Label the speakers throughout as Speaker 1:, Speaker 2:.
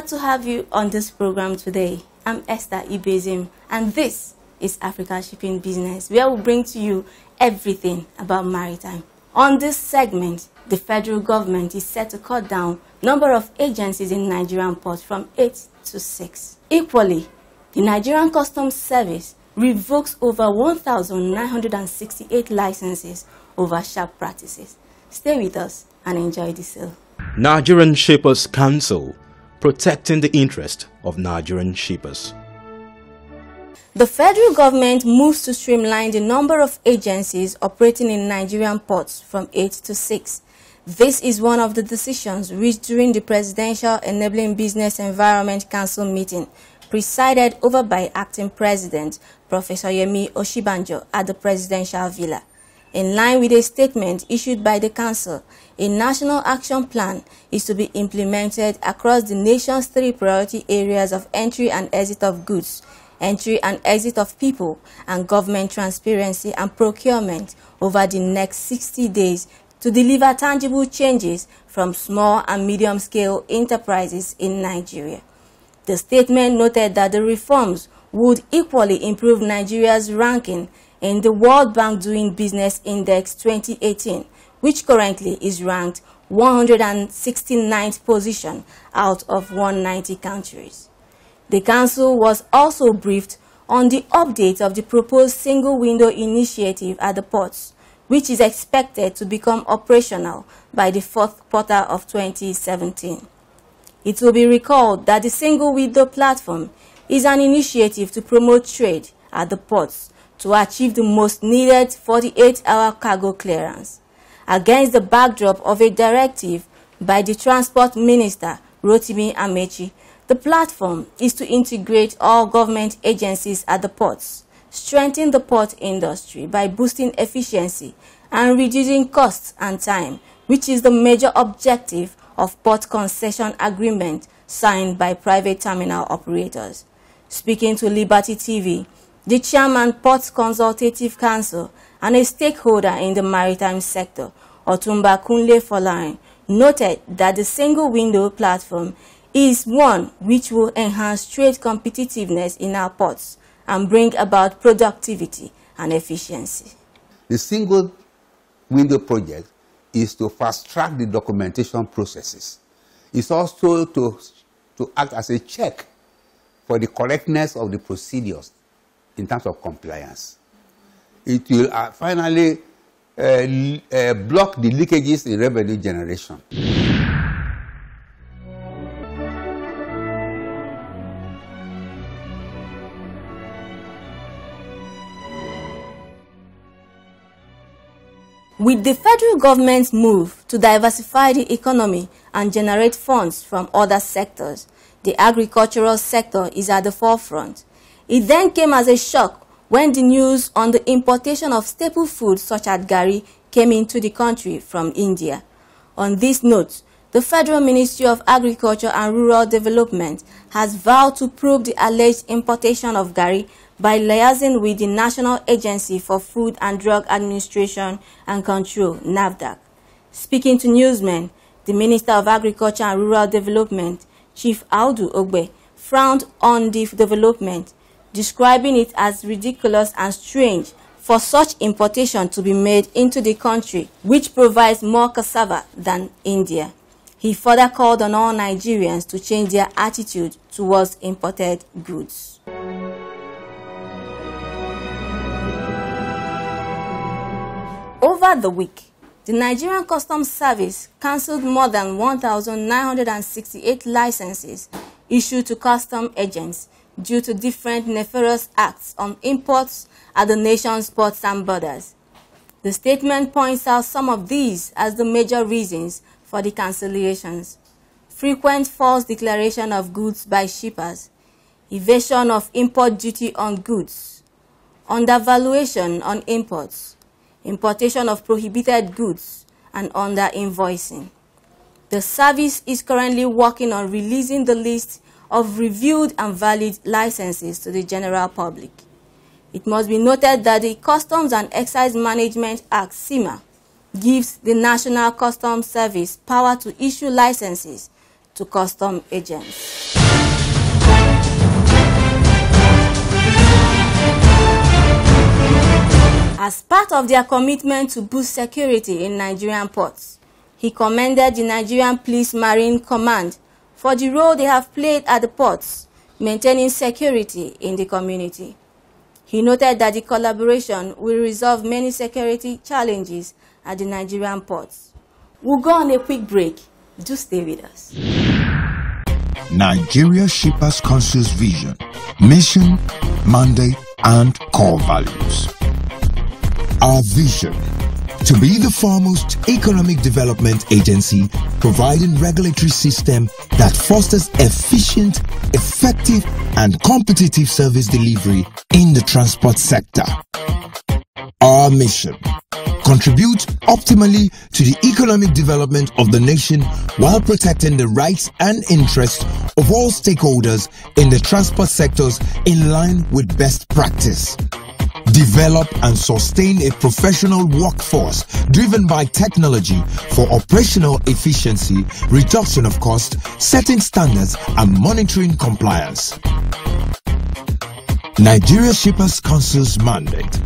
Speaker 1: glad to have you on this program today. I'm Esther Ibezim, and this is Africa Shipping Business, where we bring to you everything about maritime. On this segment, the federal government is set to cut down number of agencies in Nigerian ports from 8 to 6. Equally, the Nigerian Customs Service revokes over 1,968 licenses over sharp practices. Stay with us and enjoy the sale.
Speaker 2: Nigerian Shippers Council protecting the interest of Nigerian shippers.
Speaker 1: The federal government moves to streamline the number of agencies operating in Nigerian ports from 8 to 6. This is one of the decisions reached during the Presidential Enabling Business Environment Council meeting presided over by acting president Professor Yemi Oshibanjo at the presidential villa. In line with a statement issued by the Council, a national action plan is to be implemented across the nation's three priority areas of entry and exit of goods, entry and exit of people, and government transparency and procurement over the next 60 days to deliver tangible changes from small and medium scale enterprises in Nigeria. The statement noted that the reforms would equally improve Nigeria's ranking in the World Bank Doing Business Index 2018, which currently is ranked 169th position out of 190 countries. The Council was also briefed on the update of the proposed single window initiative at the ports, which is expected to become operational by the fourth quarter of 2017. It will be recalled that the single window platform is an initiative to promote trade at the ports to achieve the most needed 48-hour cargo clearance against the backdrop of a directive by the Transport Minister, Rotimi Amechi. The platform is to integrate all government agencies at the ports, strengthen the port industry by boosting efficiency and reducing costs and time, which is the major objective of port concession agreement signed by private terminal operators. Speaking to Liberty TV, the chairman, Port Consultative Council, and a stakeholder in the maritime sector, Otumba Kunle Folarin, noted that the single window platform is one which will enhance trade competitiveness in our ports and bring about productivity and efficiency.
Speaker 3: The single window project is to fast-track the documentation processes. It's also to, to act as a check for the correctness of the procedures in terms of compliance. It will uh, finally uh, uh, block the leakages in revenue generation.
Speaker 1: With the federal government's move to diversify the economy and generate funds from other sectors, the agricultural sector is at the forefront. It then came as a shock when the news on the importation of staple foods such as gari came into the country from India. On this note, the Federal Ministry of Agriculture and Rural Development has vowed to probe the alleged importation of gari by liaising with the National Agency for Food and Drug Administration and Control, NAVDAC. Speaking to newsmen, the Minister of Agriculture and Rural Development, Chief Aldu Ogbe, frowned on the development describing it as ridiculous and strange for such importation to be made into the country, which provides more cassava than India. He further called on all Nigerians to change their attitude towards imported goods. Over the week, the Nigerian Customs Service cancelled more than 1,968 licenses issued to custom agents due to different nefarious acts on imports at the nation's ports and borders. The statement points out some of these as the major reasons for the cancellations. Frequent false declaration of goods by shippers, evasion of import duty on goods, undervaluation on imports, importation of prohibited goods, and under invoicing. The service is currently working on releasing the list of reviewed and valid licenses to the general public. It must be noted that the Customs and Excise Management Act CIMA gives the National Customs Service power to issue licenses to custom agents. As part of their commitment to boost security in Nigerian ports, he commended the Nigerian Police Marine Command for the role they have played at the ports, maintaining security in the community. He noted that the collaboration will resolve many security challenges at the Nigerian ports. We'll go on a quick break. Do stay with us.
Speaker 2: Nigeria Shippers Council's vision, mission, mandate, and core values. Our vision to be the foremost economic development agency providing regulatory system that fosters efficient, effective and competitive service delivery in the transport sector. Our mission contribute optimally to the economic development of the nation while protecting the rights and interests of all stakeholders in the transport sectors in line with best practice develop and sustain a professional workforce driven by technology for operational efficiency, reduction of cost, setting standards and monitoring compliance. Nigeria Shippers Council's mandate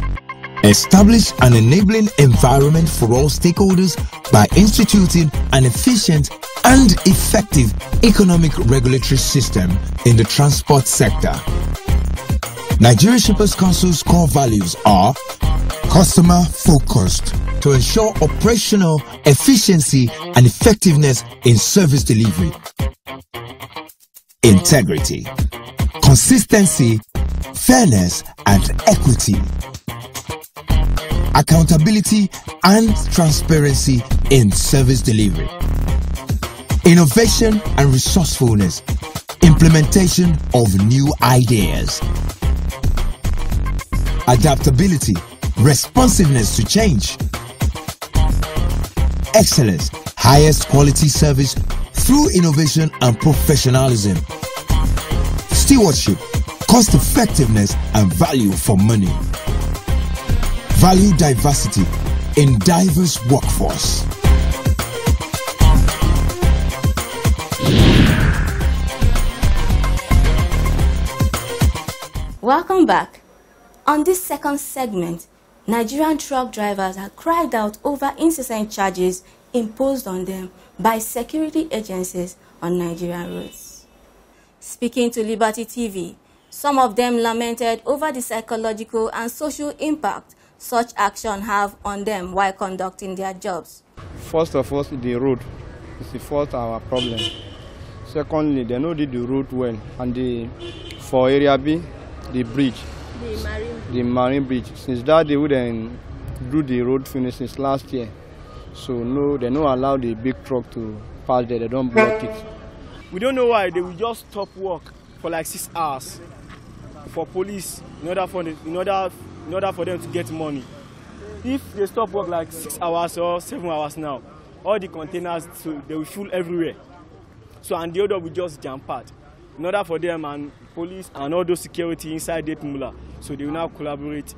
Speaker 2: Establish an enabling environment for all stakeholders by instituting an efficient and effective economic regulatory system in the transport sector. Nigerian Shippers Council's core values are customer focused to ensure operational efficiency and effectiveness in service delivery, integrity, consistency, fairness, and equity, accountability and transparency in service delivery, innovation and resourcefulness, implementation of new ideas, adaptability, responsiveness to change, excellence, highest quality service through innovation and professionalism, stewardship, cost effectiveness and value for money, value diversity in diverse workforce.
Speaker 1: Welcome back. On this second segment, Nigerian truck drivers have cried out over incessant charges imposed on them by security agencies on Nigerian roads. Speaking to Liberty TV, some of them lamented over the psychological and social impact such action have on them while conducting their jobs.
Speaker 4: First of all, the road is the first our problem. Secondly, they know the road well and the, for area B, the bridge The Marine Bridge. The Marine Bridge. Since that day, we then do the road finish since last year. So no, they don't allow the big truck to pass there. They don't block it. We don't know why they will just stop work for like six hours for police in order for the, in order in order for them to get money. If they stop work like six hours or seven hours now, all the containers so they will full everywhere. So and the other will just jam packed in order for them and police and all those security inside Date Mula. So they will now collaborate.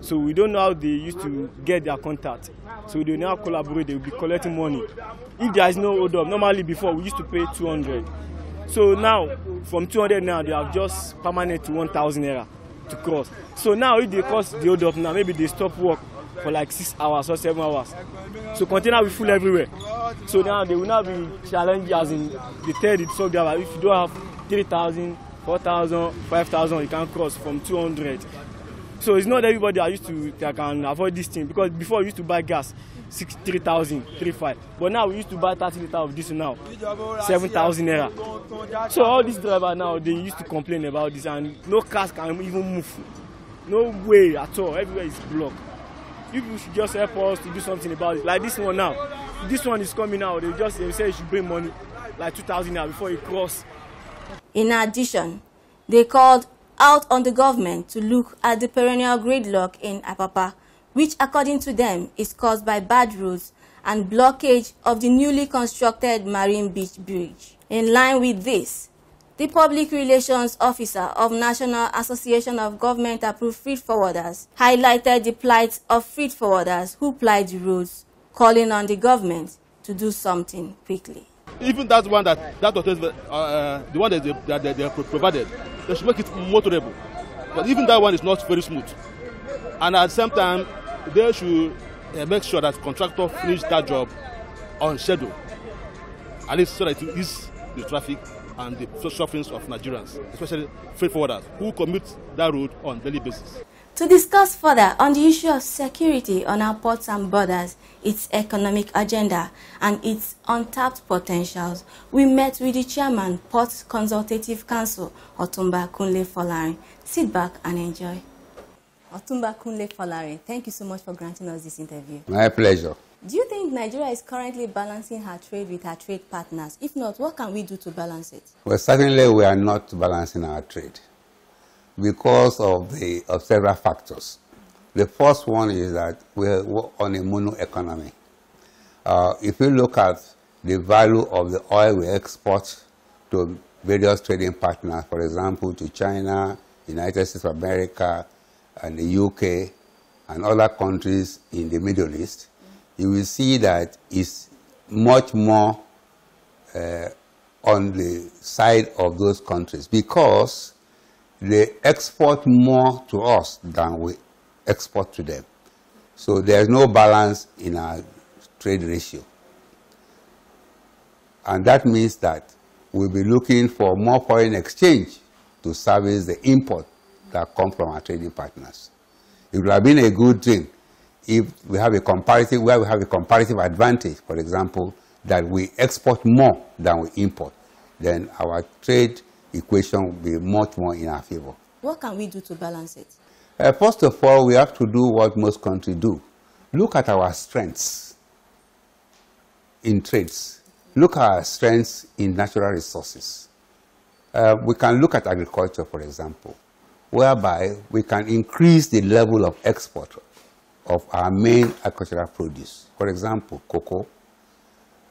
Speaker 4: So we don't know how they used to get their contact. So they will now collaborate, they will be collecting money. If there is no hold up, normally before we used to pay 200. So now, from 200 now, they have just permanent to 1,000 naira to cross. So now if they cross the hold up now, maybe they stop work for like six hours or seven hours. So container will full everywhere. So now they will now be challenged as in the third it's so driver. If you don't have three thousand, four thousand, five thousand, you can't cross from two hundred. So it's not everybody that used to that can avoid this thing because before we used to buy gas six three thousand three five but now we used to buy thirty litre of this now seven thousand naira. So all these drivers now they used to complain about this and no cars can even move no way at all everywhere is blocked people should just help us to do something about it like this one now this one is coming out they just they say you should bring money like two thousand before e cross. in addition
Speaker 1: they called out on the government to look at the perennial gridlock in apapa which according to them is caused by bad roads and blockage of the newly constructed marine beach bridge in line with this the Public Relations Officer of National Association of Government Approved Freight Forwarders, highlighted the plight of freight forwarders who ply the roads, calling on the government to do something quickly.
Speaker 4: Even that one that that was uh, uh, the one that they, that they, they provided, they should make it motorable. But even that one is not very smooth. And at the same time, they should uh, make sure that contractor finish that job on schedule, at least so that it is the traffic and the sufferings of Nigerians, especially freight forwarders who commute that road on daily basis.
Speaker 1: To discuss further on the issue of security on our ports and borders, its economic agenda, and its untapped potentials, we met with the chairman, Ports Consultative Council, Otumba Kunle Folarin. Sit back and enjoy. Otumba Kunle Folarin, thank you so much for granting us this interview.
Speaker 3: My pleasure.
Speaker 1: Do you think Nigeria is currently balancing her trade with her trade partners? If not, what can we do to balance it?
Speaker 3: Well, certainly we are not balancing our trade because of the of several factors. The first one is that we're on a mono economy. Uh, if you look at the value of the oil we export to various trading partners, for example, to China, United States of America, and the UK, and other countries in the Middle East, you will see that it's much more uh, on the side of those countries because they export more to us than we export to them. So there's no balance in our trade ratio. And that means that we'll be looking for more foreign exchange to service the import that come from our trading partners. It would have been a good thing if we have a comparative, where we have a comparative advantage, for example, that we export more than we import, then our trade equation will be much more in our favor.
Speaker 1: What can we do to balance it?
Speaker 3: Uh, first of all, we have to do what most countries do. Look at our strengths in trades. Look at our strengths in natural resources. Uh, we can look at agriculture, for example, whereby we can increase the level of export of our main agricultural produce. For example, cocoa.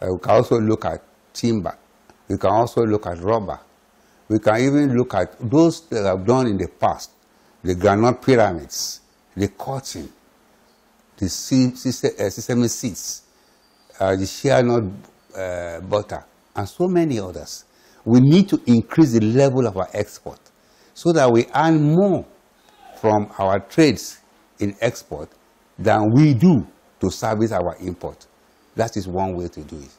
Speaker 3: Uh, we can also look at timber. We can also look at rubber. We can even look at those that have done in the past, the granite pyramids, the cotton, the uh, sesame seeds, uh, the shea nut uh, butter, and so many others. We need to increase the level of our export so that we earn more from our trades in export than we do to service our import. That is one way to do it.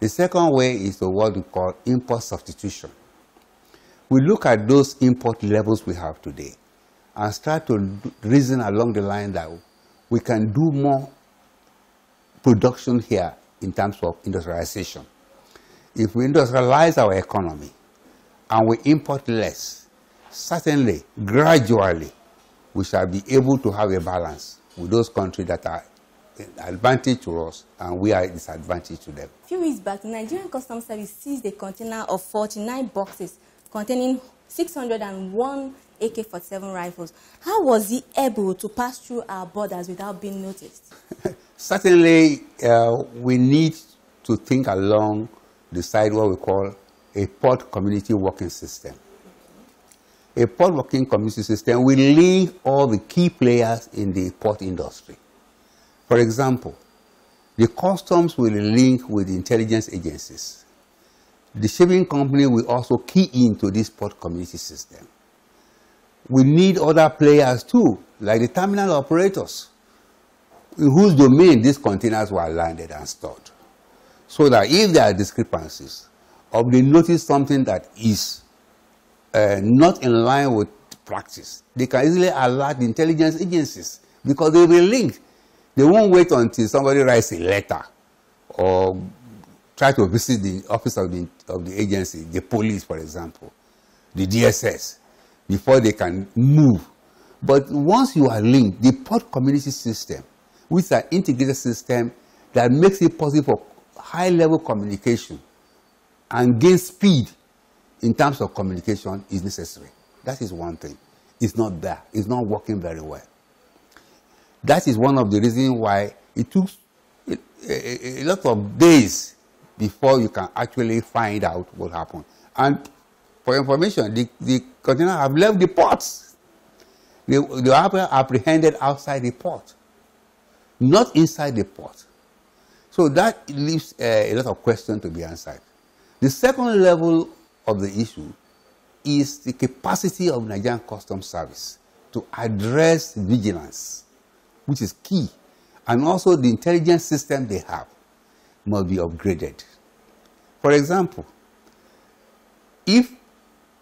Speaker 3: The second way is the what we call import substitution. We look at those import levels we have today and start to reason along the line that we can do more production here in terms of industrialization. If we industrialize our economy and we import less, certainly, gradually, we shall be able to have a balance with those countries that are advantage to us and we are disadvantage to them.
Speaker 1: A few weeks back, the Nigerian Customs Service seized a container of 49 boxes containing 601 AK-47 rifles. How was he able to pass through our borders without being noticed?
Speaker 3: Certainly, uh, we need to think along the side what we call a port community working system. a port working community system will link all the key players in the port industry. For example, the customs will link with intelligence agencies. The shipping company will also key into this port community system. We need other players too, like the terminal operators, in whose domain these containers were landed and stored. So that if there are discrepancies, or they notice something that is Uh, not in line with practice. They can easily alert intelligence agencies because they will link. They won't wait until somebody writes a letter or try to visit the office of the, of the agency, the police, for example, the DSS, before they can move. But once you are linked, the port community system, which is an integrated system that makes it possible for high-level communication and gain speed in terms of communication is necessary. That is one thing. It's not there. It's not working very well. That is one of the reasons why it took a, a, a lot of days before you can actually find out what happened. And for information, the, the container have left the port. They, they were apprehended outside the port, not inside the port. So that leaves uh, a lot of questions to be answered. The second level of the issue is the capacity of Nigerian Customs Service to address vigilance, which is key, and also the intelligence system they have must be upgraded. For example, if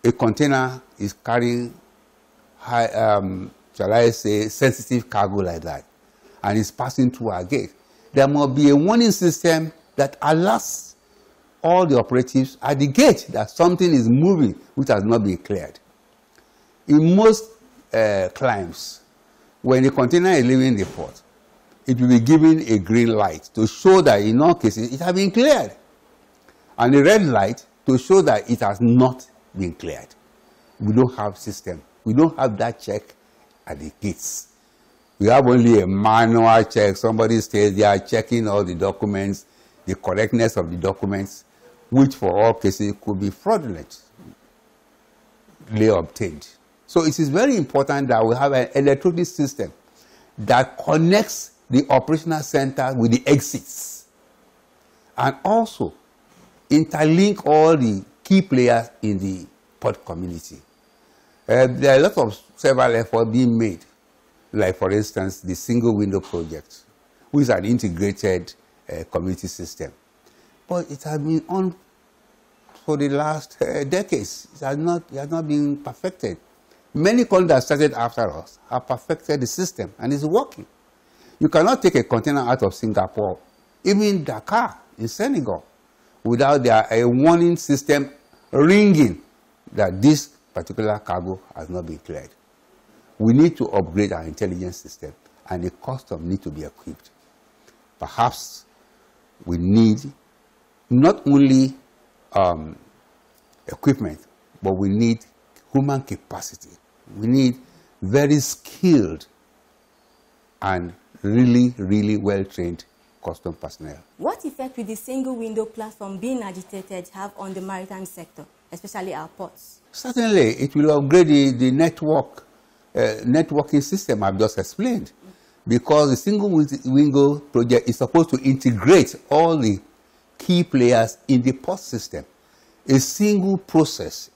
Speaker 3: a container is carrying high, um, shall I say, sensitive cargo like that, and is passing through our gate, there must be a warning system that alerts all the operatives at the gate that something is moving which has not been cleared. In most uh, climes, when a container is leaving the port, it will be given a green light to show that in all cases it has been cleared, and a red light to show that it has not been cleared. We don't have system. We don't have that check at the gates. We have only a manual check. Somebody stays there checking all the documents, the correctness of the documents which for all cases could be fraudulently obtained. So it is very important that we have an electronic system that connects the operational center with the exits and also interlink all the key players in the port community. Uh, there are a lot of several efforts being made, like for instance the single window project, which is an integrated uh, community system. But it has been un for the last uh, decades. It has, not, it has not been perfected. Many countries that started after us have perfected the system and it's working. You cannot take a container out of Singapore, even Dakar in Senegal, without there a warning system ringing that this particular cargo has not been cleared. We need to upgrade our intelligence system and the custom need to be equipped. Perhaps we need not only um, equipment, but we need human capacity. We need very skilled and really, really well-trained custom personnel.
Speaker 1: What effect will the single window platform being agitated have on the maritime sector, especially our ports? Certainly,
Speaker 3: it will upgrade the, the network, uh, networking system I've just explained because the single window project is supposed to integrate all the key players in the port system. A single process,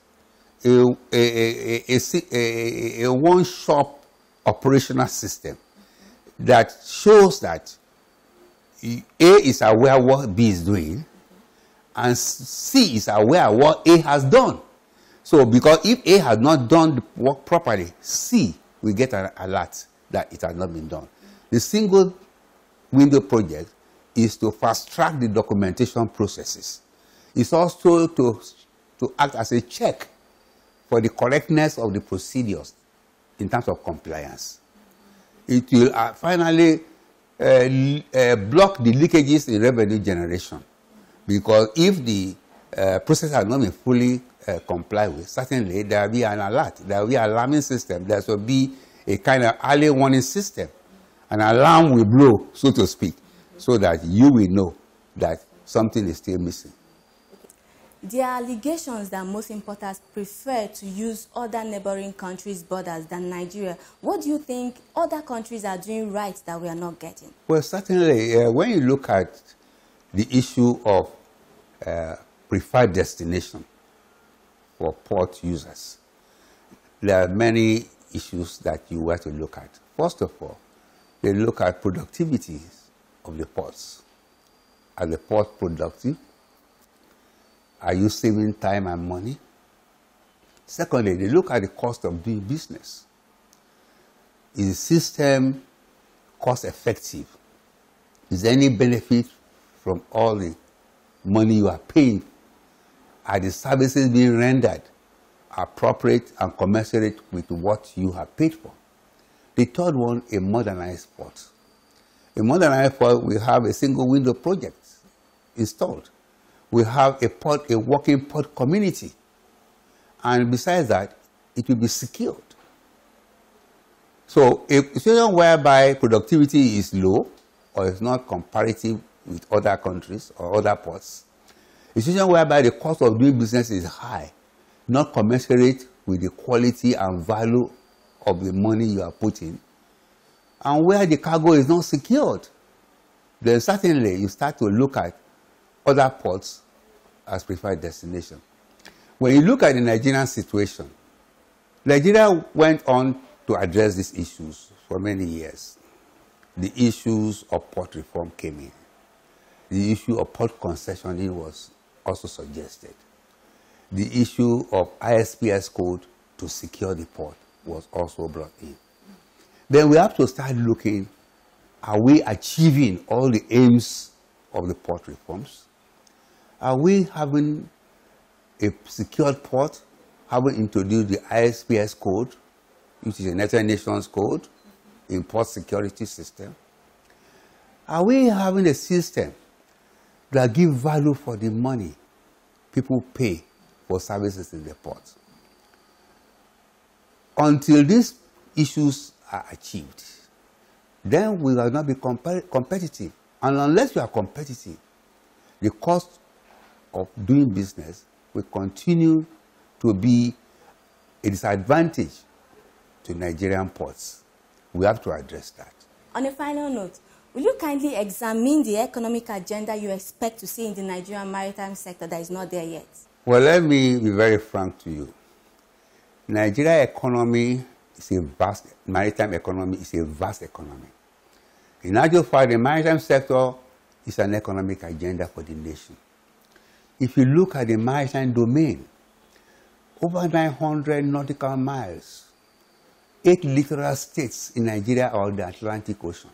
Speaker 3: a, a, a, a a one shop operational system that shows that A is aware what B is doing and C is aware what A has done. So because if A has not done the work properly, C will get an alert that it has not been done. The single window project is to fast track the documentation processes. It's also to, to act as a check for the correctness of the procedures in terms of compliance. It will uh, finally uh, uh, block the leakages in revenue generation because if the uh, process has not been fully uh, complied with, certainly there will be an alert, there will be an alarming system, there will be a kind of early warning system. An alarm will blow, so to speak. so that you will know that something is still missing.
Speaker 1: There are allegations that most importers prefer to use other neighboring countries' borders than Nigeria. What do you think other countries are doing right that we are not getting?
Speaker 3: Well, certainly, uh, when you look at the issue of uh, preferred destination for port users, there are many issues that you have to look at. First of all, they look at productivity of the pulse are the pulse productive? Are you saving time and money? Secondly, they look at the cost of doing business. Is the system cost effective? Is there any benefit from all the money you are paying? Are the services being rendered appropriate and commensurate with what you have paid for? The third one, a modernized port. In modern airport, we have a single window project installed. We have a port, a working port community. And besides that, it will be secured. So a situation whereby productivity is low or is not comparative with other countries or other ports, a situation whereby the cost of doing business is high, not commensurate with the quality and value of the money you are putting, and where the cargo is not secured, then certainly you start to look at other ports as preferred destination. When you look at the Nigerian situation, Nigeria went on to address these issues for many years. The issues of port reform came in. The issue of port concessioning was also suggested. The issue of ISPS code to secure the port was also brought in then we have to start looking, are we achieving all the aims of the port reforms? Are we having a secured port, having introduced the ISPS code, which is a United Nations code, in port security system? Are we having a system that give value for the money people pay for services in the port? Until these issues are achieved, then we will not be competitive. And unless you are competitive, the cost of doing business will continue to be a disadvantage to Nigerian ports. We have to address that.
Speaker 1: On a final note, will you kindly examine the economic agenda you expect to see in the Nigerian maritime sector that is not there yet?
Speaker 3: Well, let me be very frank to you. Nigeria economy is a vast, maritime economy is a vast economy. In actual fact, the maritime sector is an economic agenda for the nation. If you look at the maritime domain, over 900 nautical miles, eight littoral states in Nigeria are on the Atlantic Ocean.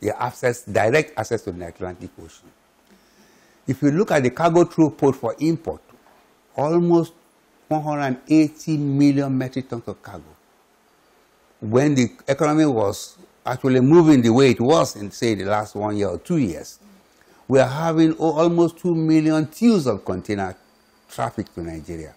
Speaker 3: They have access, direct access to the Atlantic Ocean. If you look at the cargo throughput for import, almost 180 million metric tons of cargo when the economy was actually moving the way it was in, say, the last one year or two years, we are having almost 2 million tons of container traffic to Nigeria.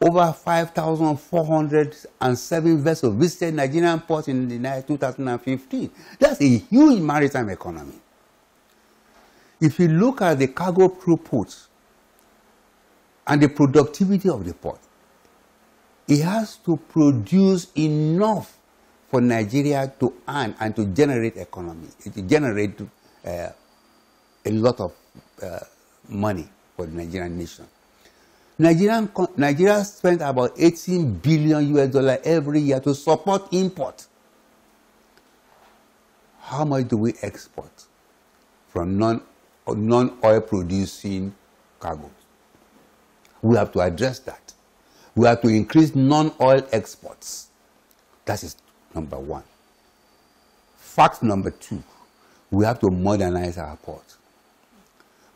Speaker 3: Over 5,407 vessels visited Nigerian ports in the year 2015. That's a huge maritime economy. If you look at the cargo throughput and the productivity of the port, it has to produce enough for Nigeria to earn and to generate economy, to generate uh, a lot of uh, money for the Nigerian nation. Nigerian, Nigeria spends about 18 billion US dollar every year to support import. How much do we export from non, non-oil producing cargo? We have to address that. We are to increase non-oil exports. That is number one. Fact number two, we have to modernize our port.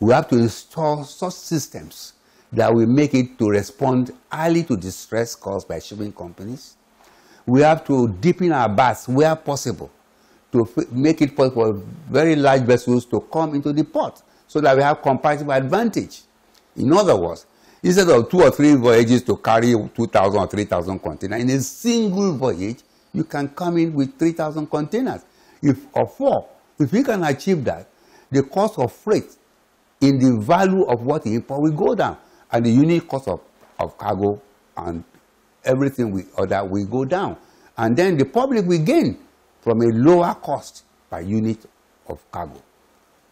Speaker 3: We have to install such systems that will make it to respond early to distress caused by shipping companies. We have to deepen our baths where possible to make it possible for very large vessels to come into the port so that we have comparative advantage. In other words, Instead of two or three voyages to carry 2,000 or 3,000 containers, in a single voyage, you can come in with 3,000 containers if or four. If we can achieve that, the cost of freight in the value of what we import will go down, and the unit cost of, of cargo and everything we order will go down. And then the public will gain from a lower cost per unit of cargo.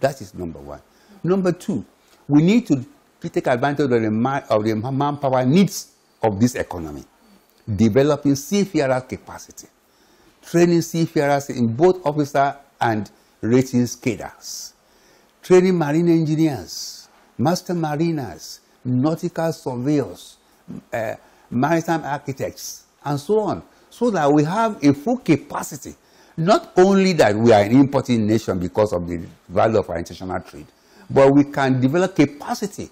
Speaker 3: That is number one. Number two, we need to we take advantage of the, of the manpower needs of this economy, developing seafarers' capacity, training seafarers in both officer and rating cadres, training marine engineers, master mariners, nautical surveyors, uh, maritime architects, and so on, so that we have a full capacity. Not only that we are an importing nation because of the value of our international trade, but we can develop capacity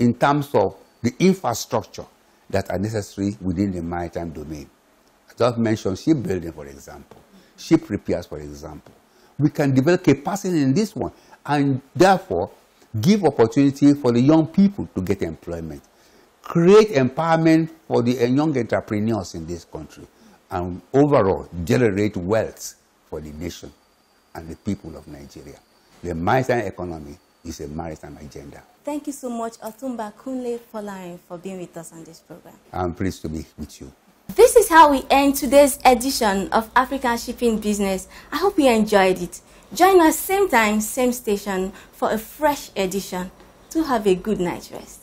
Speaker 3: in terms of the infrastructure that are necessary within the maritime domain. I just mentioned shipbuilding, for example, ship repairs, for example. We can develop capacity in this one and therefore give opportunity for the young people to get employment, create empowerment for the young entrepreneurs in this country, and overall generate wealth for the nation and the people of Nigeria. The maritime economy is a maritime agenda.
Speaker 1: Thank you so much, Otumba Kunle Folarin, for being with us on this program.
Speaker 3: I'm pleased to be with you.
Speaker 1: This is how we end today's edition of African Shipping Business. I hope you enjoyed it. Join us same time, same station for a fresh edition. To have a good night's rest.